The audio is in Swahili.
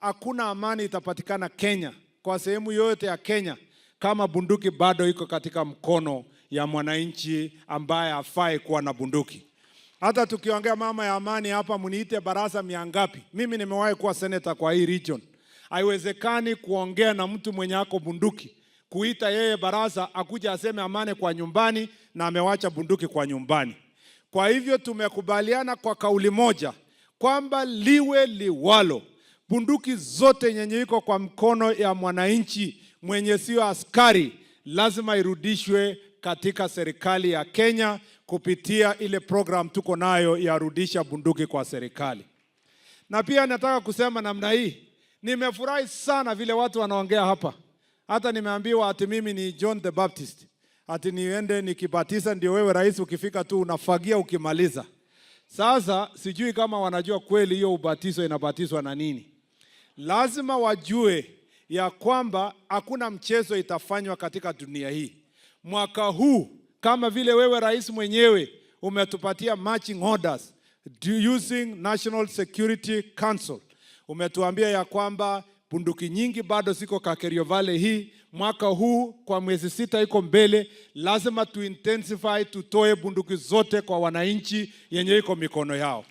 hakuna amani itapatikana Kenya, kwa sehemu yoyote ya Kenya, kama bunduki bado iko katika mkono ya mwananchi ambaye hafai kuwa na bunduki. Hata tukiongea mama ya amani hapa, mniite baraza mia ngapi, mimi nimewahi kuwa seneta kwa hii region. Haiwezekani kuongea na mtu mwenye ako bunduki, kuita yeye baraza akuja aseme amani kwa nyumbani na amewacha bunduki kwa nyumbani. Kwa hivyo tumekubaliana kwa kauli moja kwamba liwe liwalo, Bunduki zote yenye iko kwa mkono ya mwananchi mwenye sio askari lazima irudishwe katika serikali ya Kenya kupitia ile program tuko nayo ya rudisha bunduki kwa serikali. Na pia nataka kusema namna hii, nimefurahi sana vile watu wanaongea hapa. Hata nimeambiwa ati mimi ni John the Baptist, ati niende nikibatiza ndio wewe rais ukifika tu unafagia ukimaliza. Sasa sijui kama wanajua kweli hiyo ubatizo inabatizwa na nini lazima wajue ya kwamba hakuna mchezo itafanywa katika dunia hii. Mwaka huu kama vile wewe rais mwenyewe umetupatia marching orders using National Security Council, umetuambia ya kwamba bunduki nyingi bado ziko Kakerio Valley hii. Mwaka huu kwa mwezi sita iko mbele, lazima tu intensify, tutoe bunduki zote kwa wananchi yenye iko mikono yao.